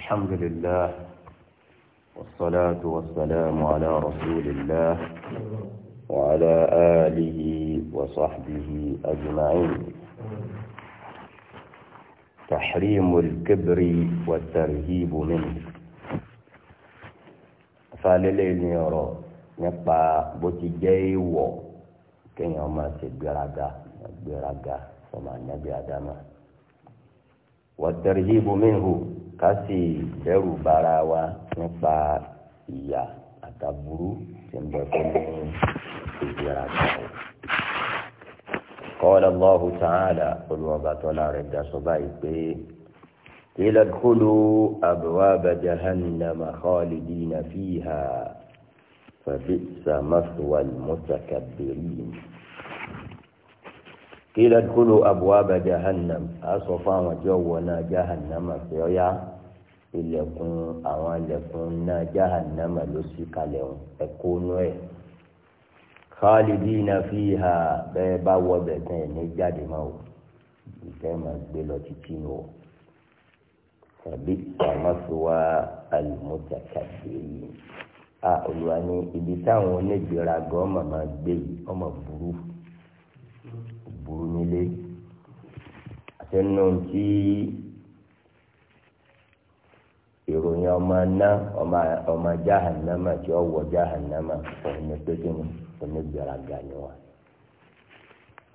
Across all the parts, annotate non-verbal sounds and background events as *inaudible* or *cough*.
الحمد لله والصلاة والسلام على رسول الله وعلى آله وصحبه أجمعين تحريم الكبر والترهيب منه فالليل يرى نبقى بوتي ti jẹ́ ìwọ̀ kéèyàn máa ṣe النبي gbéraga والترهيب منه ká sì dẹ́rù bara wa nípa ìyà àtàbùrú tí ń bẹ fún ìdíra kan. قال الله تعالى قل وبطل رد صبايك قيل ادخلوا أبواب جهنم خالدين فيها فبئس مثوى المتكبرين قيل ادخلوا أبواب جهنم أصفا وجونا جهنم فيها ilẹ̀kùn àwọn ilẹ̀kùn náà jahannama ló sì kalẹ̀ wọn ẹ̀kọ́ nú ẹ̀ khalidina fiha bẹ́ẹ̀ bá wọ bẹ̀ tán ẹ̀ ní jáde máa wò ìfẹ́ máa gbé lọ títí nù ọ́ tàbí ìsàmásowá al-mutakabbirin a olùwà ní ibi táwọn onígbèraga ọmọ máa gbé yìí ọmọ burú burú nílé àtẹnu ìyẹn ọmọ ná ọmọ jahannama tí ó wọ jahannama òní pékinni òní gbéraga ni wọn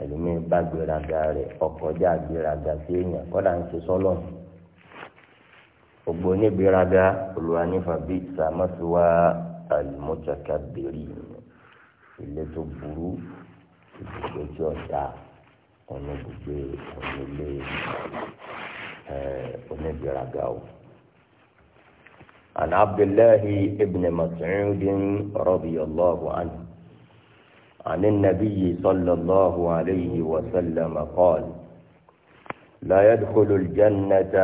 ẹlòmíín bá gbéraga rẹ ọkọjá gbéraga sí èèyàn kọ́dà ń ṣe sọ́lọ́ gbogbo onígbéraga olùwànífà bíi sàmásùwà al-mutakabbirin ilé tó burú ìdìbò tí ọ̀dà ọ̀nà gbogbo ọ̀nà ilé onígbéraga o. عن عبد الله بن مسعود رضي الله عنه عن النبي صلى الله عليه وسلم قال لا يدخل الجنة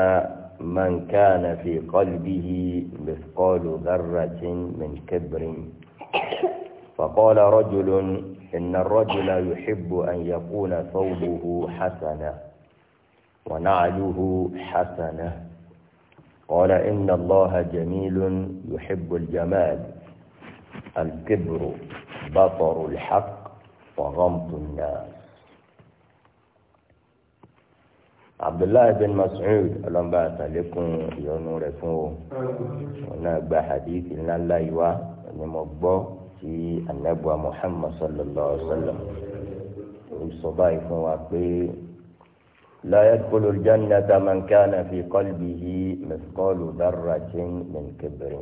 من كان في قلبه مثقال ذرة من كبر فقال رجل إن الرجل يحب أن يكون ثوبه حسنة ونعله حسنة قال إن الله جميل يحب الجمال الكبر بطر الحق وغمط الناس عبد الله بن مسعود اللهم بارك لكم يونور فو هنا بحديث ان الله يوا نمبو في النبوة محمد صلى الله عليه وسلم وصبايفه وقبي لا يدخل الجنة من كان في قلبه مثقال ذرة من كبر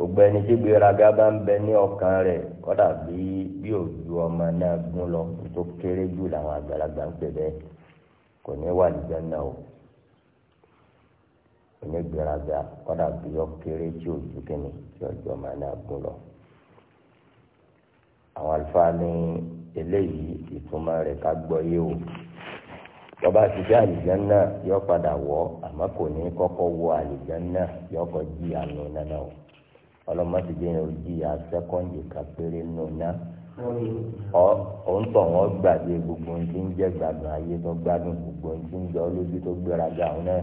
gbogbo ẹni tí gbéraga bá ń bẹ ní ọkàn rẹ kódà bí bí òjò ọmọ náà gún lọ tó kéré jù làwọn àgbàlagbà ń pè bẹ́ẹ̀ kò ní wà ní Jánnà o ẹni gbéraga kódà bí ó kéré tí òjò kìíní tí òjò ọmọ náà gún lọ. àwọn àlùfáà ní eléyìí ìtumọ̀ rẹ̀ ká gbọ́ yé o tọba ti fi àlìjánná yọ padà wọ àmọ́ kò ní kọ́kọ́ wọ àlìjánná yọ kọ jí àánú nánà o ọlọmọdé jẹ yẹn o jí ya sẹkọndì kan péré nùnà ọ òun tọ̀ wọ́n gbàgbé gbogbo ohun tí ń jẹ́ gbàgbọ́n ayé tó gbádùn gbogbo ohun tí ń jọ lójú tó gbéraga òun náà.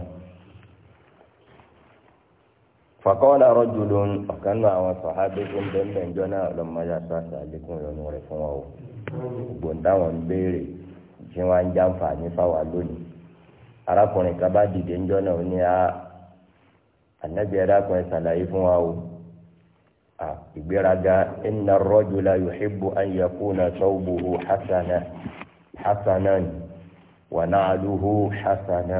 فقال رجل وكان àwọn sàhábé tó ń bẹ́ẹ̀ bẹ́ẹ̀ jọ náà ọlọmọdé àti àlékún ìrònú rẹ̀ fún wa o gbòǹdáwọn ń béèrè tí wọ́n á ń jàǹfààní fáwa lónìí arákùnrin kan bá dìde ńjọ́ náà ó ní a ànábì arákùnrin ṣàlàyé fún wa o a ìgbéraga inna ar-rajula yuhibbu an yakuna thawbuhu hasana hasanan wa na'luhu hasana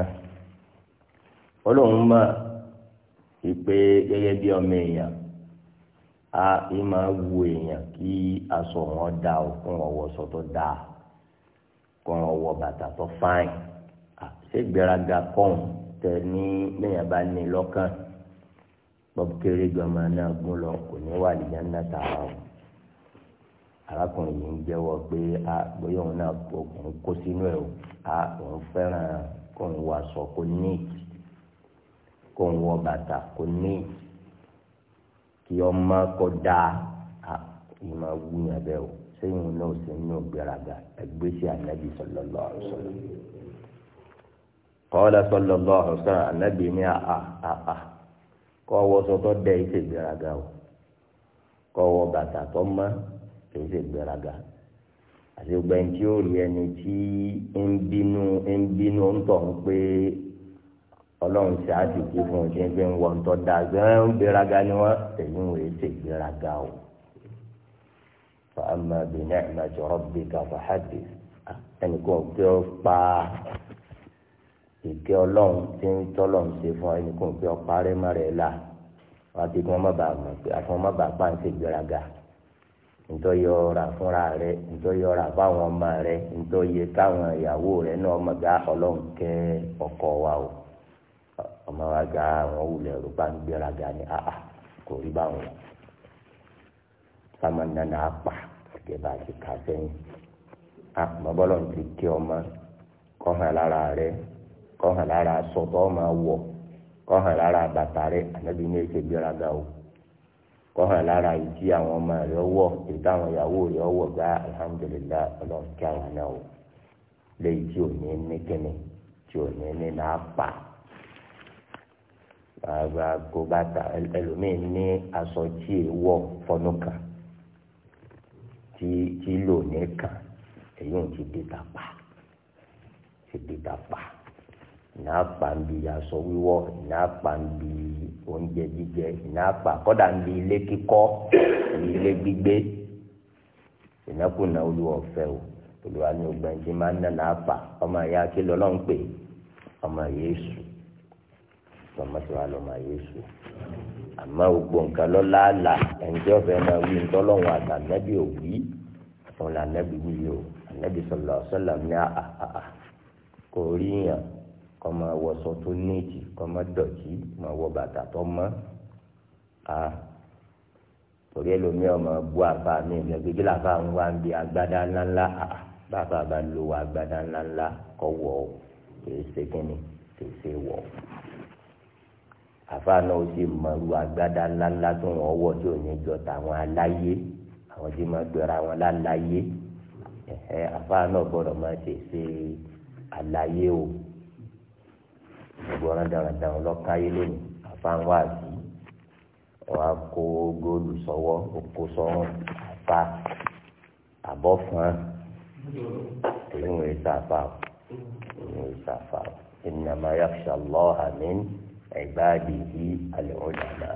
olóhùn mọ ìpè gẹ́gẹ́ bí ọmọ èèyàn a ìmọ̀ wù èèyàn kí aṣọ wọn da òkun ọ̀wọ́sọ tó dáa kọ́ra wọ bàtà tó fáìn ṣé gbéraga kọ́ọ̀n tẹ ní lẹ́yìn bá ní lọ́kàn bọ́bú kéré gbọmọ náà gún lọ kò ní wà nìyẹn náà tààrà o arákùnrin yìí ń jẹ́wọ́ pé a bóyá òun náà òun kó sínú ẹ̀ o a òun fẹ́ràn kóun wọ aṣọ kó níì kóun wọ bàtà kó níì kí ọmọ kọ dáa a ìmọ̀ wúyàn bẹ́ẹ̀ o sẹ́yìn náà sì ń yàn gbéraga ẹgbẹ́ sí ànábì sallallahu alaihi wasallam. qala sallallahu alaihi wasallam ànábì ní àà àà kọ́ wọ sọtọ́ dẹ́ ìṣe gbéraga o kọ́ wọ bàtà tó mọ́ ìṣe gbéraga àti gbẹ̀yìn tí ó rí ẹni tí ń bínú ń bínú ń tọ̀ ń pé ọlọ́run ṣe àdìgí fún un ṣe ń fi ń wọ̀ ń tọ́ da gbẹ́rẹ́ ń gbéraga ni wọ́n èyí ń wò é o fa بنعمة ربك فحدث rabbika fa hadith ẹnì kan kí ọ pa ìkẹ́ ọlọ́run tí ń tọ́lọ̀ ń ṣe fún ẹnì kan kí ọ parẹ́ mọ́rẹ́ la wọ́n ti kí wọ́n má bàa mọ̀ pé àfọwọ́n má bàa pa ń ṣe gbéraga ntọ́yọ ọ̀rà fúnra rẹ ntọ́yọ ọ̀rà fáwọn ọmọ rẹ ntọ́yẹ káwọn ìyàwó rẹ náà ọmọ ọlọ́run kẹ́ ọkọ wa o ọmọ wa gá àwọn wulẹ̀ ń gbéraga ni àà kò rí báwọn sámánà náà pa kẹba àti kàsẹ́yìn àmọ́bọ́lọ́ ti kí ọmọ kọ́ hàn lára rẹ kọ́ hàn lára hàn lára bàtà rẹ ànábi ní èsè gbéraga o kọ́ hàn lára ìdí àwọn ọmọ rẹ wọ̀ èyí táwọn ìyàwó rẹ wọ̀ gbá alhamdulillah ọlọ́run kí àwọn náà o léyìí tí ní kíni ní náà pa tí tí lò ní kàn èyí ò ti di ta pa ti di ta pa ìná pa ń bi aṣọ wíwọ̀ ìná pa ń bi oúnjẹ jíjẹ ìná pa kọ́dà ń bi ilé kíkọ́ ilé gbígbé ìnákùná olúwa ọ̀fẹ́ o olúwa ní ọgbà ẹni tí máa ń dáná apà ọmọ ìyá kí lọ́lọ́ ń pè ọmọ yéésù ọmọ tí wàá àmọ́ gbogbo lọ́la àlà ẹni máa wí ńtọ́lọ́hún àtàlẹ́bí òwí òun là nẹ́bi wíyí o ànẹ́bi sọlọ sọlọ ní a kò rí yàn kọ́ máa wọṣọ tó níìtì kọ́ máa dọ̀tí máa wọ bàtà tó mọ́ a torí ẹlòmíràn máa bu àfa mi ìgbàgbé kí làfa ń wá ń bi agbádá ńláńlá àhà bàbá bá lo agbádá ńláńlá kọ́ wọ̀ ọ́ kìí ṣe kínní kìí ṣe wọ̀ o àfa náà ó sì mọ̀rú agbádá ńláńlá tó wọ́n wọ̀ tí ò ní jọ tàwọn aláyé àwọn tí máa gbéra wọn láláyé ẹ̀hẹ́ àfáà náà gbọ́dọ̀ máa ṣe ṣe àlàyé o gbọ́dọ̀ dáradára ọlọ́káyé lónìí àfáà ń wá àbí wọn á kó góòlù sọ́wọ́ oko sọ́wọ́ àfáà àbọ̀fọ́n èyí wọ́n èso àfáà èyí wọ́n èso àfáà innama yakhsha Allaha min ibadihi al-ulama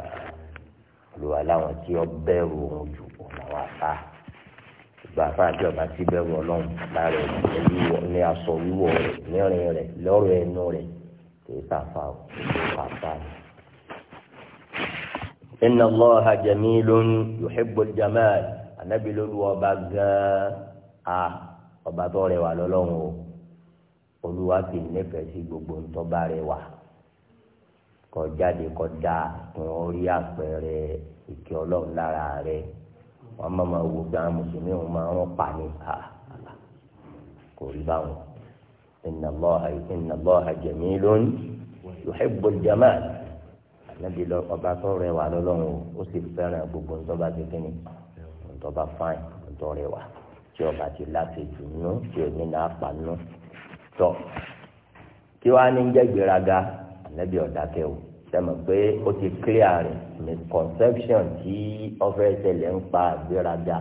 olùwàlà wọn tí ó bẹ̀rù òun jù àwọn afá ìgbà afá àti ọba tí bẹ̀rù ọlọ́run lára ẹ̀ pẹ̀lú ní aṣọ wíwọ̀ rẹ̀ lẹ́rìn rẹ̀ lọ́rọ̀ ẹnu rẹ̀ kì í sàfà ó sàfà ni. inna Allaha jamilun yuhibbul jamal anabi lólu ọba gan-an a ọba tó rẹwà lọ́lọ́run o olúwa sì nífẹ̀ẹ́ sí gbogbo ntọ́ba rẹwà kọjáde kọjá kún orí àpẹẹrẹ ìkẹ́ ọlọ́run lára rẹ̀ wọn máa ma wò pé àwọn mùsùlùmí wọn máa wọn pa ní àlà ah, kò rí báwọn inna Allaha inna Allaha jamilun yuhibbul jamal ànábi lọ ọba tó rẹwà lọ́lọ́run ó sì fẹ́ràn gbogbo ntọ́ba ti kíni ntọ́ba fain rẹwà tí ọba ti láti jù nù tí èmi náà pa nù tọ́ kí wàá ní jẹ́ gbéraga ànábi ọ̀dàkẹ́ sẹ́mi pé ó ti clear rẹ̀ misconception tí ọ̀fẹ́ ṣẹlẹ̀ ń pa ìgbéraga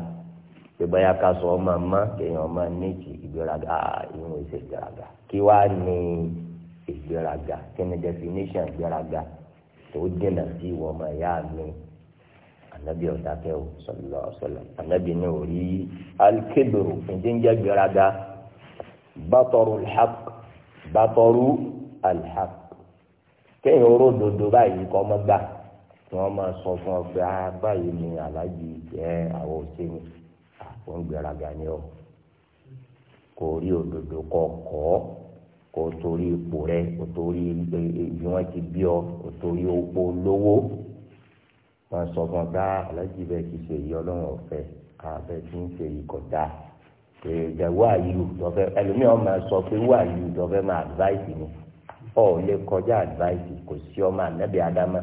ìgbéyà ká sọ ọmọ ọmọ kéèyàn ọmọ ní ti ìgbéraga ìwọ̀n ìṣe ìgbéraga kí wá ní ìgbéraga kí ni definition ìgbéraga tó dènà sí ìwọ ọmọ ìyá mi anabi ọ̀dàkẹ́ o sọlọ sọlọ anabi ní orí alkebèrò ìdíjẹ́ ìgbéraga bàtọ̀rù alhaq bàtọ̀rù alhaq kéèyàn oró dodo báyìí kọ́ ọmọ gbà tí wọ́n máa sọ fún ọ pé ah báyìí ni aláàjì jẹ́ àwọn òṣèlú àwọn gbéraga ni ọ kò rí òdodo kọ kọ́ kò torí ipò rẹ kò torí ibi wọn ti bí ọ kò torí opó lówó wọn sọ fún ọ pé ah, aláàjì bẹ́ẹ̀ ti ṣe èyí ọlọ́run ọ̀fẹ́ àbẹ̀ tí ń ṣe èyí kọjá èrè wáyé ìlú tọ́fẹ́ ẹlòmíràn máa sọ pé wáyé ìlú tọ́fẹ́ máa advice ni. ọ le kọjá advice kò sí ọmọ ànábì adama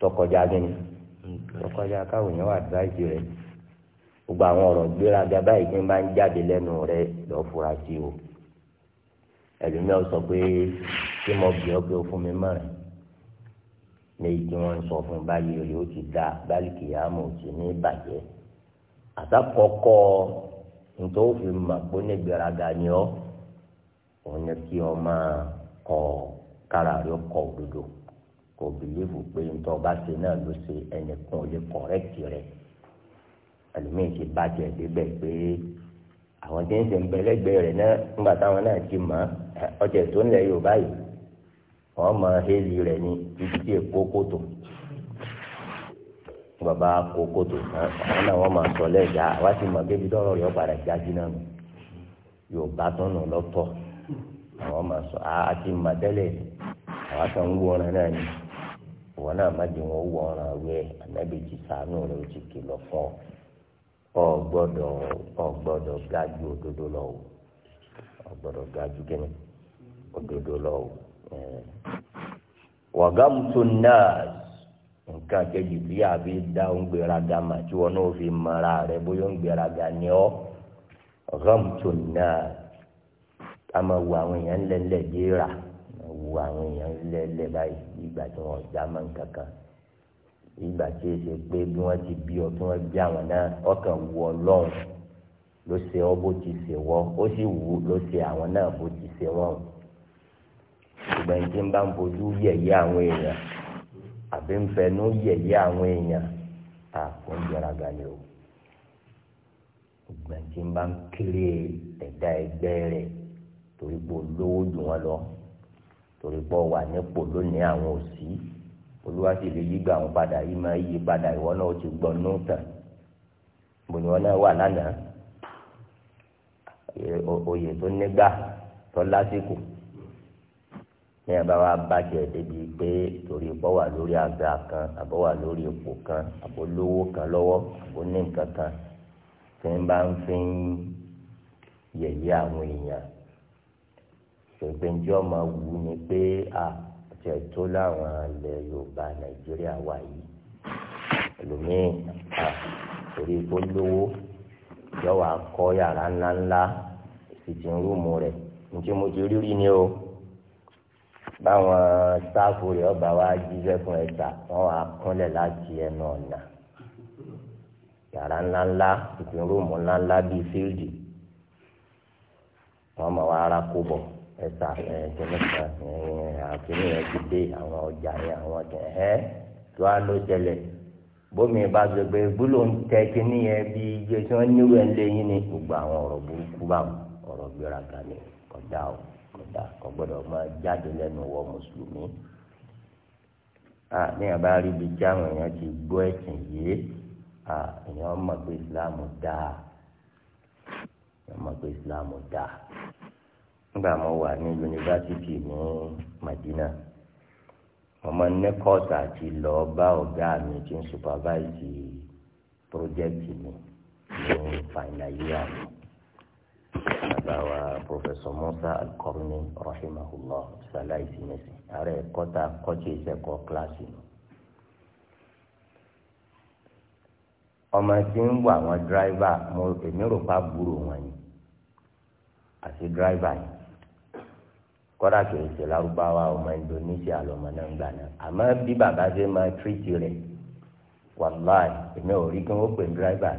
tọkọjá gẹ́ni tọkọjá káwọn yẹn wà advice rẹ gbogbo àwọn ọ̀rọ̀ gbéraga báyìí kí n bá ń jáde rẹ fura sí o sọ pé kí mo bì ọ́ pé o fún mi tí wọ́n ń sọ fún báyìí rẹ̀ ó ti da báyìí kìyàmù ò ti ní bàjẹ́ àtàkọ́kọ́ nítorí òfin mà pé ní gbéraga ni ọ́ òun ni kọ kára rẹ kọ òdodo kò bìlíìfù pé nítorí ọba ṣe náà ló ṣe ẹnìkan rẹ ẹlòmíì ti bàjẹ́ débẹ̀ pé àwọn tí ń ṣe ń bẹ lẹ́gbẹ̀ẹ́ náà ńgbà táwọn náà ti mọ̀ ọjà ibi tí èkó kòtò bàbá kó kòtò àwọn náà wọ́n sọ lẹ́jà wá sí mọ̀ débi yọ̀ padà jáde náà àwọn máa sọ àti ti àwọn àtàn ń wọ ọ̀ràn náà ni ìwọ náà má wọn wọ ọ̀ràn rẹ ànábì ti sàánú rẹ ó ti fún ọ ọ ọ òdodo lọ o ọ gbọ́dọ̀ gájú òdodo lọ o wàgàmùtò náà nǹkan kejì bí àbí dá ń gbéraga mà tí wọn náà fi mara rẹ bóyá ń gbéraga ni ọ náà. ká máa wo àwọn èèyàn lẹ́lẹ̀ déra wo àwọn èèyàn lẹ́lẹ̀ báyìí ìgbà tí wọ́n já máa ń kankan ìgbà tí ó ṣe pé bí wọ́n ti bí ọ kí wọ́n bí àwọn náà ọkàn wù ọlọ́run ló ṣe ọ bó ti ṣe wọ́ ó sì wù ló ṣe àwọn náà bó ti ṣe wọ́n ṣùgbọ́n ìdí ń bá ń bojú yẹ̀yẹ́ àwọn èèyàn àbí ń fẹnu yẹ̀yẹ́ àwọn èèyàn àpò ń jọra gàlẹ́ o ìgbà tí ń bá ń kéré ẹ̀dá ẹgbẹ́ rẹ̀ torí pé olówó jù wọn lọ torí pé wà nípò lónìí àwọn òsì olúwa sì lè yígbà wọn padà yìí máa yí padà ìwọ náà ó ti gbọ́ nù tàn bòníwọ náà wà lánàá oyè tó nígbà tó lásìkò ní abáwá bàjẹ́ débi pé torí bọ́ wà lórí àga kan àbọ̀ wà lórí ipò kan àbọ̀ lówó kan lọ́wọ́ àbọ̀ ní nǹkan kan tí ń bá ń fi ń yẹ̀yẹ́ àwọn èèyàn ṣègbèǹjẹ ọmọ wù ní pé a tẹ tó láwọn ilẹ̀ Yorùbá Nàìjíríà wà yìí ẹlòmíín a torí kó lówó yọwọ akọ yàrá ńláńlá ìsìtì rúùmù rẹ̀ njẹ mo ti rírì ni o báwọn sáfù rẹ̀ ọba wa jíṣẹ́ fún ẹja wọn wà kúnlẹ̀ láti ẹnu ọ̀nà yàrá ńláńlá ìsìtì rúùmù ńláńlá bíi fíldì wọn mọ wàá ara kó bọ̀ ẹ̀ta ẹ̀ẹ́dẹ́gbẹ̀ta àkínní yẹn ti dé àwọn ọjà yẹn àwọn ọjà ẹ̀ tó a ló jẹlẹ̀ bómi bá gbẹgbẹ gbólóhùn tẹ kínní yẹn bí iye tí wọ́n níwèé ń lé yín ní gbogbo àwọn ọ̀rọ̀ burúkú bá wọn ọ̀rọ̀ gbéra ga ni kọjá o kọjá kò gbọdọ̀ máa jáde lẹ́nu wọ mùsùlùmí. ní àbá rí ibi tí àwọn èèyàn ti gbọ́ ẹ̀sìn yìí èèyàn mọ̀ pé ìsìláàmù dáa èèyàn mọ̀ pé ìsìláàmù dáa nígbà mo wà ní yunifásitì ní Madina mo máa ní kọ́ọ̀tù àti lọ bá ọ̀gá mi tí ń supervise pírójẹ́kìtì mi ní final year mi bàbá wa pòfẹsọ Musa Al-Qarni rahimahullah salaisi nẹsẹ ààrẹ kọ́ta kọ́tù ìṣẹ́kọ̀ọ́ kíláàsì mi. ọmọ tí ń wà àwọn dírìvà mo èmi rò pa búrò wọn ni àti dírìvà yìí kọ́dà kì í ṣe lárúbáwá ọmọ Indonesia lọmọ náà ń gbà náà àmọ́ bí bàbá ṣe máa tírìtì rẹ̀ wàláì èmi ò rí kí wọ́n pè ní dírẹ́bà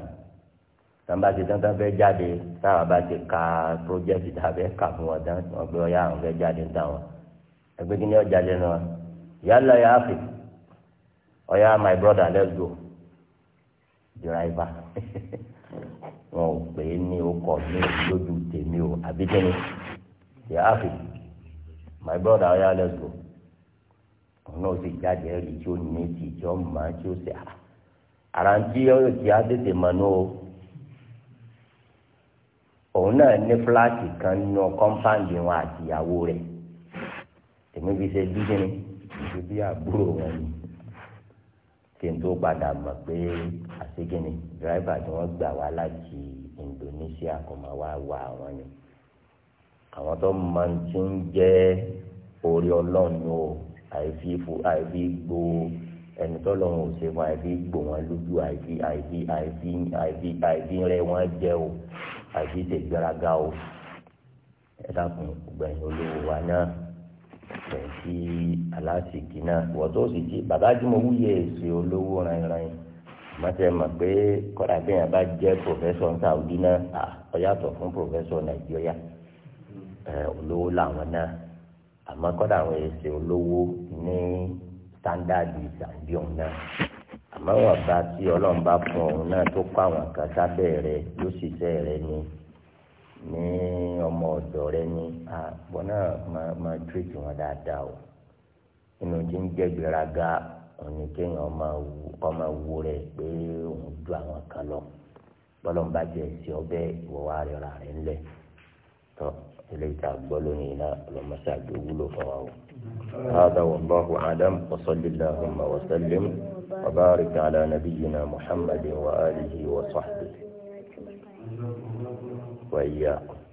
tàbá ti dáńtà fẹ́ jáde táwa bá ti ka pírójẹ́tì tàbí ẹ̀ka fún wọn dán wọn gbé ọyá àwọn fẹ́ jáde ń táwọn ẹgbẹ́ kí ni ọ jáde náà yálà ya àfẹ ọyá my brother let's go dírẹ́bà *laughs* wọn ò pè é ní okọ̀ mi lójú tèmi o àbí kí ni ya àfẹ my brother ọ̀yà oh, let's go ọ̀nà òsì jáde ẹ̀rí tí ó ní ti tí ó mọ̀ tí ó sì àrà ah, àrà ń tí ọ̀yọ̀ tí a tètè mọ̀ ní o òun náà ní fúláàtì kan nínú kọ́ńpáǹdì wọn àti ìyàwó rẹ̀ èmi fi ṣe bí kíni ṣe bí àbúrò wọn ni kí n tó padà mọ̀ pé àṣekíni dírẹ́fà tí wọ́n gbà wá láti Indonesia kò máa wá wá àwọn ni àwọn tó máa ń ti ń jẹ́ orí ọlọ́run o àìfi fo àìfi gbo ẹni tó lọ́run ò ṣe fún àìfi gbo wọn lójú àìfi àìfi àìfi àìfi àìfi rẹ wọn jẹ o àìfi ṣègbéraga o ẹ dákun gbẹ̀yìn olówó wa náà tẹ̀sí aláṣìkí náà wọ́n tó sì jí bàbá jí mo wúyẹ èsì olówó rìnrìn mọ̀tẹ́ mọ̀ pé kọ́dà bí yẹn bá jẹ́ pòfẹ́sọ̀ ní Saudi náà ọ̀yàtọ̀ fún pòfẹ́sọ̀ Nàìjíríà olówó làwọn náà àmọ́ kọ́dà àwọn èsè olówó ní sítándàdì zambia náà àmọ́ wọn bá tí ọlọ́run bá fún òun náà tó kọ́ àwọn kan sábẹ́ rẹ̀ lóṣìṣẹ́ rẹ̀ ni ní ọmọ ọ̀dọ̀ rẹ̀ ni àgbọn náà máa máa tírètì wọn dáadáa o inú tí ń jẹ́ gbéraga òní kéèyàn kọ́ máa wú pé òun ju àwọn kan lọ bọ́lọ́n bá jẹ́ ẹ̀sìn ọbẹ̀ ìwọ́wá rẹ̀ rà rẹ̀ ńlẹ̀ إليك tá a gbọ́ lónìí náà هذا والله أعلم وصل اللهم وسلم وبارك على نبينا محمد وآله وصحبه وإياكم